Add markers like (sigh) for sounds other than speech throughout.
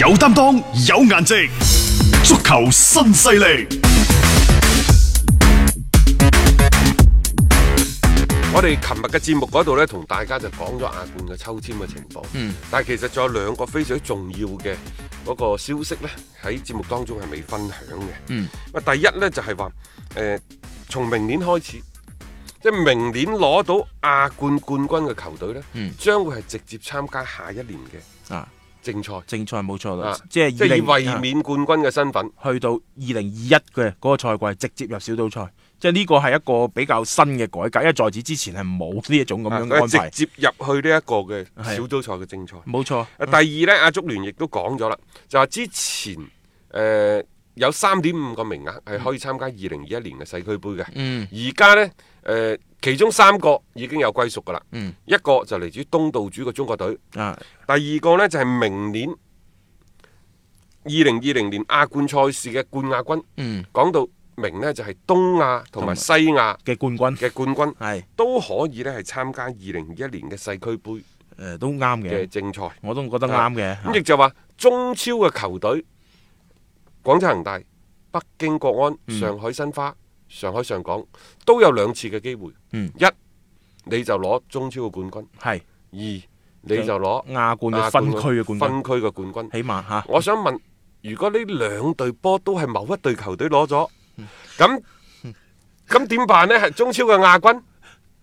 有擔當，有顏值，足球新勢力。我哋琴日嘅節目嗰度咧，同大家就講咗亞冠嘅抽簽嘅情況。嗯。但係其實仲有兩個非常重要嘅嗰個消息咧，喺節目當中係未分享嘅。嗯。咁，第一咧就係話，誒，從明年開始，即係明年攞到亞冠冠軍嘅球隊咧，嗯，將會係直接參加下一年嘅啊。正賽，正賽冇錯啦，啊、即係以衛冕冠軍嘅身份去到二零二一嘅嗰個賽季，直接入小組賽。即係呢個係一個比較新嘅改革，因為在此之前係冇呢一種咁樣嘅安排。啊、直接入去呢一個嘅小組賽嘅正賽，冇錯、啊。錯第二呢，阿、嗯啊、足聯亦都講咗啦，就話之前誒、呃、有三點五個名額係可以參加二零二一年嘅世俱杯嘅。嗯，而家呢。誒、呃。其中三個已經有歸屬嘅啦，嗯、一個就嚟自東道主嘅中國隊，啊、第二個呢就係、是、明年二零二零年亞冠賽事嘅冠亞軍，講、嗯、到明呢，就係、是、東亞同埋西亞嘅冠軍嘅冠軍，係是都可以呢係參加二零二一年嘅世俱杯。誒，都啱嘅。正賽，我都覺得啱嘅。咁、啊嗯、亦就話中超嘅球隊，廣州恒大、北京國安、上海申花。嗯上海、上港都有兩次嘅機會。嗯，一你就攞中超嘅冠軍，係二你就攞亞冠嘅分區嘅冠軍，分區嘅冠軍。起碼嚇，我想問，如果呢兩隊波都係某一隊球隊攞咗，咁咁點辦呢？係中超嘅亞軍，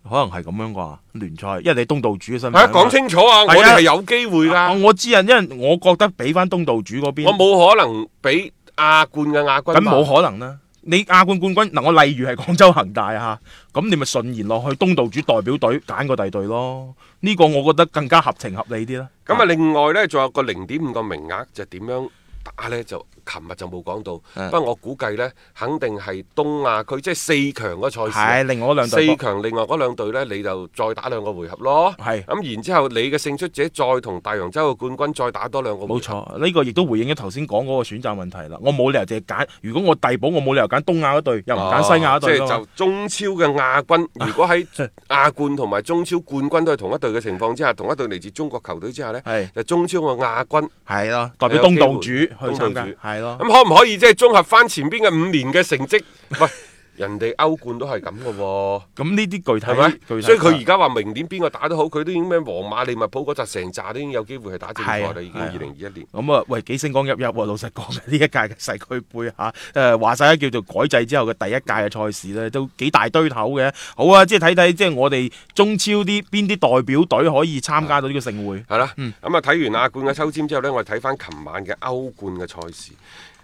可能係咁樣啩聯賽，因為你東道主嘅身份。嚇，講清楚啊！我哋係有機會㗎。我知啊，因為我覺得俾翻東道主嗰邊，我冇可能俾亞冠嘅亞軍。咁冇可能啦。你亞冠冠軍嗱，我例如係廣州恒大啊，咁你咪順延落去，東道主代表隊揀個第隊咯，呢個我覺得更加合情合理啲啦。咁啊，另外呢，仲有個零點五個名額，就點樣打呢？就？琴日就冇講到，不過我估計呢，肯定係東亞區即係四強嘅賽事。四強另外嗰兩隊咧，你就再打兩個回合咯。咁然之後，你嘅勝出者再同大洋洲嘅冠軍再打多兩個回合。冇錯，呢個亦都回應咗頭先講嗰個選擇問題啦。我冇理由淨係揀，如果我遞補，我冇理由揀東亞嗰隊，又唔揀西亞嗰隊就中超嘅亞軍，如果喺亞冠同埋中超冠軍都係同一隊嘅情況之下，同一隊嚟自中國球隊之下呢，就中超嘅亞軍係代表東道主去參加。咁、嗯、可唔可以即係綜合翻前邊嘅五年嘅成績？喂。 (laughs) 人哋歐冠都係咁嘅喎，咁呢啲具體係咪，所以佢而家話明年邊個打得好，佢都已經咩皇馬、利物浦嗰紮成紮都已經有機會係打正賽啦，已經二零二一年。咁啊，喂幾星光熠熠喎！老實講，呢一屆嘅世俱杯嚇，誒話晒叫做改制之後嘅第一屆嘅賽事咧，都幾大堆頭嘅。好啊，即係睇睇，即係我哋中超啲邊啲代表隊可以參加到呢個盛會。係啦，嗯，咁啊睇完亞冠嘅抽籤之後呢，我哋睇翻琴晚嘅歐冠嘅賽事。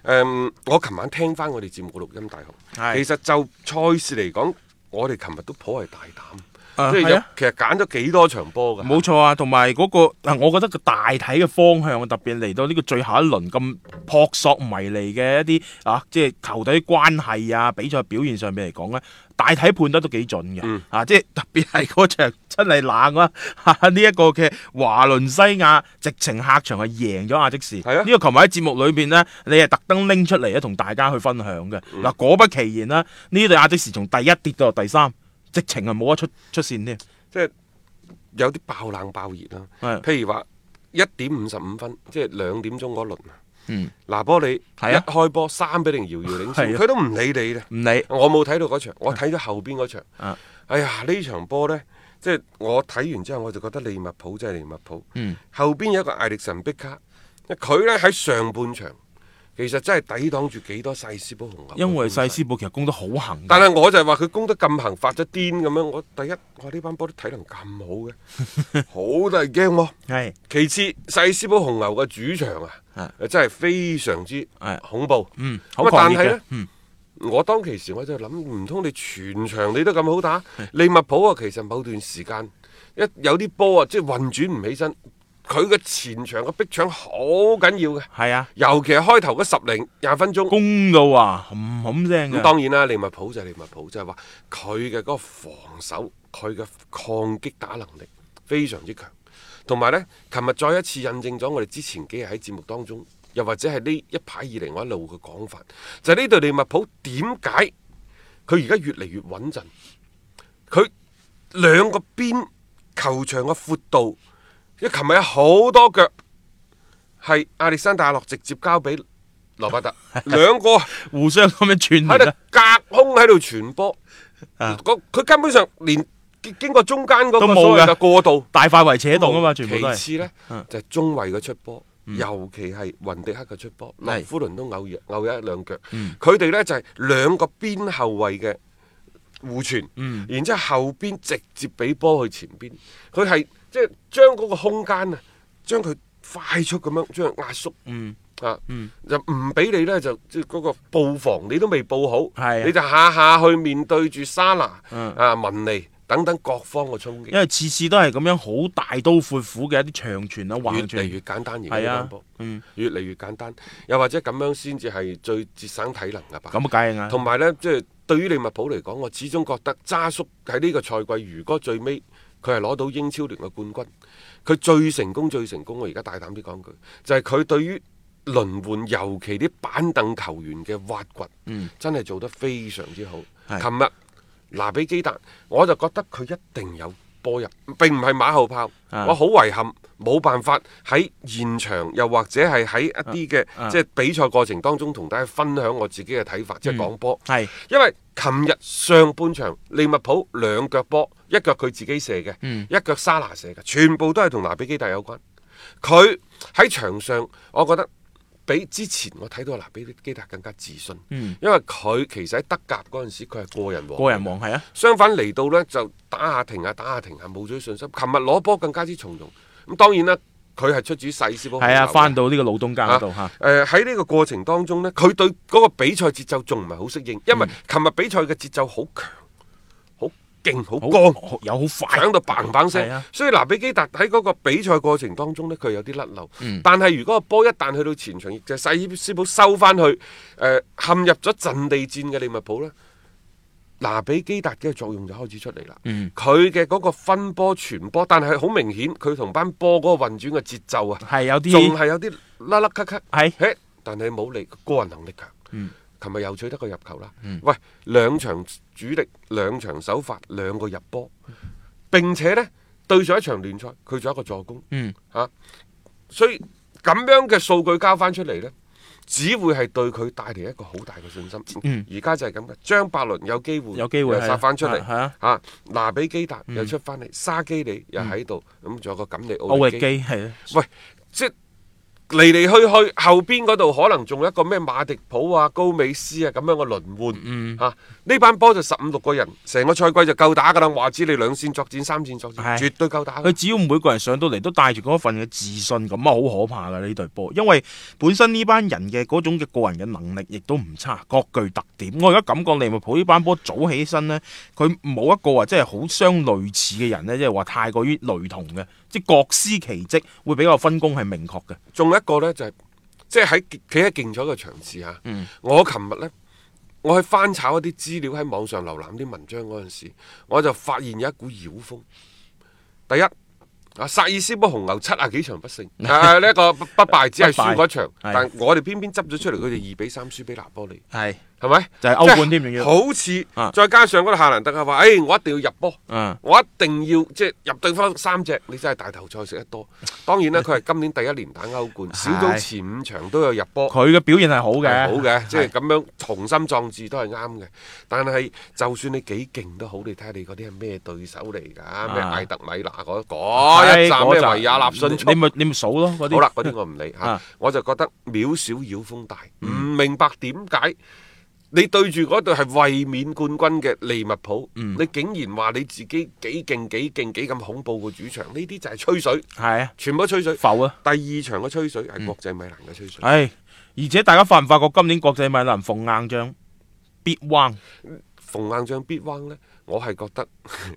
誒，um, 我琴晚聽翻我哋節目嘅錄音帶，是的 其實就賽事嚟講，我哋琴日都頗為大膽。即、嗯、其實揀咗幾多場波噶？冇錯啊，同埋嗰個，啊，我覺得個大體嘅方向特別嚟到呢個最後一輪咁撲朔迷離嘅一啲啊，即、就、係、是、球隊關係啊，比賽表現上面嚟講咧，大體判得都幾準嘅、嗯啊啊，啊，即係特別係嗰場真係冷啊！呢一個嘅華倫西亞直情客場係贏咗阿積士，呢、嗯、個琴日喺節目裏邊咧，你係特登拎出嚟咧同大家去分享嘅。嗱、嗯，果不其然啦、啊，呢對阿積士從第一跌到第三。直情係冇得出出線咧，即係有啲爆冷爆熱啦、啊。啊、譬如話一點五十五分，即係兩點鐘嗰輪。嗯，拿坡里一開波三、啊、比零遙遙領先，佢、啊、都唔理你嘅，唔理。我冇睇到嗰場，我睇咗後邊嗰場。啊、哎呀呢場波呢？即係我睇完之後我就覺得利物浦真係利物浦。嗯，後邊有一個艾力神碧卡，佢呢喺上半場。其實真係抵擋住幾多細斯堡紅牛？因為細斯堡其實攻得好行，行。但係我就係話佢攻得咁行發咗癲咁樣。我第一，我呢班波都體能咁好嘅，好大驚。係的。其次，細斯堡紅牛嘅主場啊，的真係非常之恐怖。嗯、但係呢，嗯、我當其時我就諗，唔通你全場你都咁好打？的利物浦啊，其實某段時間一有啲波啊，即係運轉唔起身。佢嘅前場嘅逼搶好緊要嘅，係啊，尤其係開頭嗰十零廿分鐘，攻到啊冚聲。咁當然啦，利物浦就係利物浦，就是，就係話佢嘅嗰個防守，佢嘅抗擊打能力非常之強，同埋呢，琴日再一次印證咗我哋之前幾日喺節目當中，又或者係呢一排以嚟一路嘅講法，就係呢隊利物浦點解佢而家越嚟越穩陣，佢兩個邊球場嘅闊度。因為琴日有好多腳，係亞歷山大阿諾直接交俾羅伯特， (laughs) 兩個互相咁樣傳喺度隔空喺度傳波，佢、啊、根本上連經過中間嗰個所謂嘅過渡大範圍扯動啊嘛，其次呢，啊、就係中衛嘅出波，嗯、尤其係雲迪克嘅出波，勞、嗯、夫倫都偶爾偶爾一兩腳，佢哋、嗯、呢就係、是、兩個邊後衛嘅互傳，嗯、然之後後邊直接俾波去前邊，佢係。即係將嗰個空間啊，將佢快速咁樣將佢壓縮，嗯、啊，嗯、就唔俾你咧，就即係嗰個布防你都未布好，啊、你就下下去面對住沙拿、嗯、啊文尼等等各方嘅衝擊。因為次次都係咁樣好大刀闊斧嘅一啲長傳啊，越嚟越簡單而嗰兩波，啊嗯、越嚟越簡單，又或者咁樣先至係最節省體能嘅吧。咁啊，梗係同埋呢，即係對於利物浦嚟講，我始終覺得渣叔喺呢個賽季，如果最尾。佢係攞到英超聯嘅冠軍，佢最成功，最成功，我而家大膽啲講句，就係、是、佢對於輪換，尤其啲板凳球員嘅挖掘，嗯、真係做得非常之好。琴是的 日拿比基達，我就覺得佢一定有。波入，並唔係馬後炮。啊、我好遺憾，冇辦法喺現場，又或者係喺一啲嘅、啊啊、即係比賽過程當中同大家分享我自己嘅睇法，即係講波。係是因為琴日上半場利物浦兩腳波，一腳佢自己射嘅，嗯、一腳沙拿射嘅，全部都係同拿比基大有關。佢喺場上，我覺得。比之前我睇到嗱，比基達更加自信，嗯、因為佢其實喺德甲嗰陣時佢係個，個人王，個人王係啊。相反嚟到呢就打下停下打下停下冇咗信心。琴日攞波更加之從容。咁當然啦，佢係出主細波係啊，翻到呢個老東家度吓。誒喺呢個過程當中呢，佢對嗰個比賽節奏仲唔係好適應，因為琴日比賽嘅節奏好強。勁好光，好好有好快，響到嘭嘭聲。啊、所以拿比基達喺嗰個比賽過程當中呢，佢有啲甩漏。嗯、但係如果個波一旦去到前場，亦就細爾斯堡收翻去，誒、呃，陷入咗陣地戰嘅利物浦呢，拿比基達嘅作用就開始出嚟啦。佢嘅嗰個分波傳波，但係好明顯，佢同班波嗰個運轉嘅節奏啊，係有啲，仲係有啲甩甩咳咳是。但係冇力，個人能力強。嗯琴日又取得個入球啦，嗯、喂，兩場主力，兩場首發，兩個入波，並且呢，對上一場聯賽佢做咗一個助攻，嚇、嗯啊，所以咁樣嘅數據交翻出嚟呢，只會係對佢帶嚟一個好大嘅信心。而家、嗯、就係咁嘅，張伯倫有機會，有機會殺翻出嚟，嚇、啊，嗱、啊，俾、啊、基達又出翻嚟，嗯、沙基里又喺度、嗯，咁仲、啊、有個錦理奧歷基係，喂，即。嚟嚟去去，後邊嗰度可能仲有一個咩馬迪普啊、高美斯啊咁樣嘅輪換，嚇呢、嗯啊、班波就十五六個人，成個賽季就夠打噶啦。話之，你兩線作戰、三線作戰，是絕對夠打。佢只要每個人上到嚟都帶住嗰份嘅自信咁啊，好可怕噶呢隊波，因為本身呢班人嘅嗰種嘅個人嘅能力亦都唔差，各具特點。我而家感覺利物浦呢班波早起身呢，佢冇一個話，即係好相類似嘅人咧，即係話太過於雷同嘅。即各司其職，會比較分工係明確嘅。仲有一個呢、就係，就係、是，即係喺企喺競彩嘅場次嚇。嗯、我琴日呢，我去翻炒一啲資料喺網上瀏覽啲文章嗰陣時，我就發現有一股妖風。第一，阿薩爾斯波紅牛七啊幾場不勝，呢一、 (laughs) 啊呢個不敗只係輸嗰場， (laughs) 但我哋偏偏執咗出嚟，佢哋、嗯、二比三輸俾拿波利。係咪？就係歐冠添，仲要好似，再加上嗰個夏蘭德啊，話誒，我一定要入波，我一定要即係入對方三隻，你真係大頭菜食得多。當然啦，佢係今年第一年打歐冠，小組前五場都有入波，佢嘅表現係好嘅，好嘅，即係咁樣雄心壯志都係啱嘅。但係就算你幾勁都好，你睇下你嗰啲係咩對手嚟噶？咩艾特米娜嗰嗰一站咩維也納遜？你咪你咪數咯嗰啲。好啦，嗰啲我唔理吓，我就覺得渺小妖風大，唔明白點解。你對住嗰隊係衛冕冠軍嘅利物浦，你竟然話你自己幾勁幾勁幾咁恐怖嘅主場，呢啲就係吹水。係啊，全部都吹水。浮啊！第二場嘅吹水係國際米蘭嘅吹水。係，而且大家發唔發覺今年國際米蘭逢硬仗必彎，逢硬仗必彎咧？我係覺得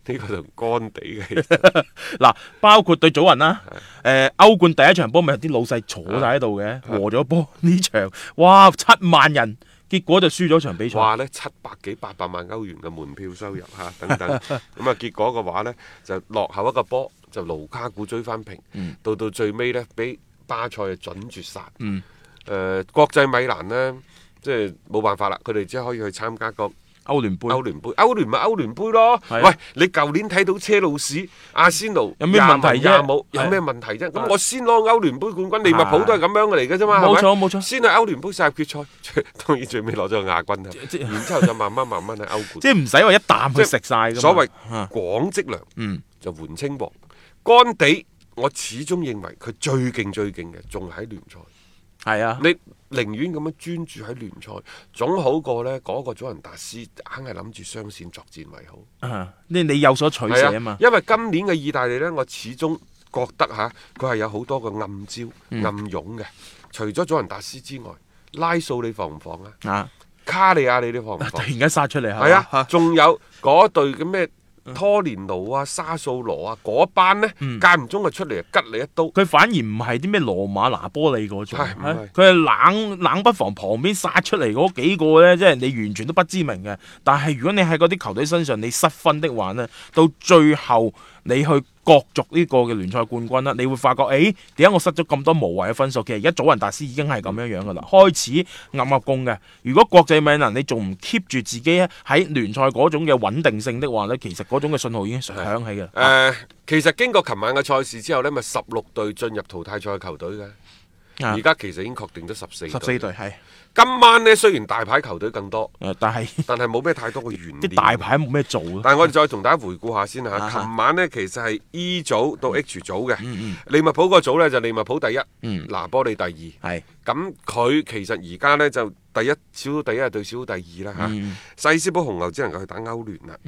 呢個就乾地嘅。嗱，包括對祖雲啦，誒歐冠第一場波咪有啲老細坐曬喺度嘅，和咗波呢場，哇七萬人。結果就輸咗場比賽。話呢，七百幾八百萬歐元嘅門票收入嚇、啊，等等。咁啊、 (laughs) 嗯，嗯、結果嘅話呢，就落後一個波，就盧卡古追翻平。到到最尾呢，俾巴塞準絕殺。誒、呃，國際米蘭呢，即係冇辦法啦，佢哋只可以去參加個。歐聯杯，歐聯杯，歐聯咪歐聯杯咯？啊、喂，你舊年睇到車路士、阿仙奴有咩問題啫、啊？冇？啊、有咩問題啫、啊？咁我先攞歐聯杯冠軍，利物浦都係咁樣嚟嘅啫嘛？冇錯、啊，冇錯吧，錯錯先係歐聯杯賽決賽，當然最尾攞咗個亞軍。 (laughs) 然之後就慢慢慢慢喺歐冠。 (laughs) 即係唔使話一啖都食晒。所謂廣積糧，嗯、就緩稱王。干地，我始終認為佢最勁、最勁嘅，仲喺聯賽。係啊，你寧願咁樣專注喺聯賽，總好過呢嗰、嗰個祖雲達斯硬係諗住雙線作戰為好。嗯、你有所取捨嘛、啊。因為今年嘅意大利呢，我始終覺得吓，佢、啊、係有好多嘅暗招暗湧嘅。除咗祖雲達斯之外，拉素你防唔防啊？啊卡利亞你都防唔防、啊？突然間殺出嚟，係啊，仲、啊、有嗰隊嘅咩？拖連奴啊、沙素羅啊嗰班呢，間唔中就出嚟吉你一刀。佢反而唔係啲咩羅馬拿波利嗰種，佢係冷冷不防旁邊殺出嚟嗰幾個呢，即係你完全都不知名嘅。但係如果你喺嗰啲球隊身上你失分的話呢，到最後。你去角逐呢個嘅聯賽冠軍啦，你會發覺，誒，點解我失咗咁多無謂嘅分數？其實而家祖雲達斯已經係咁樣樣噶啦，開始暗暗攻嘅。如果國際米蘭你仲唔 keep 住自己喺聯賽嗰種嘅穩定性的話呢，其實嗰種嘅信號已經響起嘅。誒、啊呃，其實經過琴晚嘅賽事之後呢，咪十六隊進入淘汰賽嘅球隊嘅。而家其實已經確定咗十四十四隊係。今晚咧，雖然大牌球隊更多，呃、但係但係冇咩太多嘅原因。 (laughs) 大牌冇咩做，但係我哋再同大家回顧下先，吓、啊。琴、啊、晚咧，其實係 E 組到 H 組嘅。嗯嗯、利物浦個組呢就利物浦第一，嗯、拿波利第二。咁佢是其實而家呢就第一小組第一對小組第二啦吓。細、啊嗯、斯堡紅牛只能夠去打歐聯啦。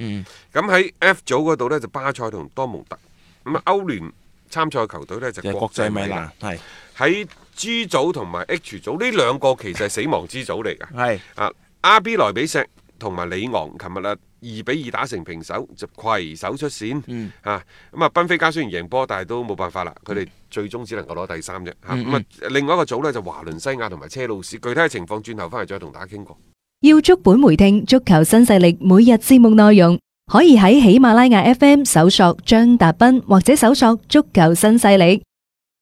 咁喺、嗯、F 組嗰度呢，就巴塞同多蒙特。咁啊歐聯。參賽球隊呢，就國際米蘭係喺 G 組，同埋 H 組呢兩個其實係死亡之組嚟嘅係啊，R.B 萊比錫同埋里昂琴日啊二比二打成平手，就携手出線。嗯吓，咁啊賓菲加雖然贏波，但係都冇辦法啦，佢哋最終只能夠攞第三啫吓。咁啊另外一個組呢，就華倫西亞同埋車路士。具體嘅情況轉頭翻嚟再同大家傾過。要足本回聽足球新勢力每日節目內容。可以喺喜馬拉雅 FM 搜索張達斌，或者搜索足球新勢力。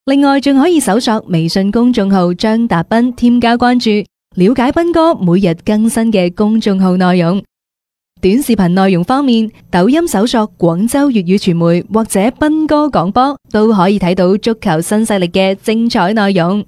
另外，仲可以搜索微信公眾號張達斌，添加關注，了解斌哥每日更新嘅公眾號內容。短視頻內容方面，抖音搜索廣州粵語傳媒或者斌哥廣播，都可以睇到足球新勢力嘅精彩內容。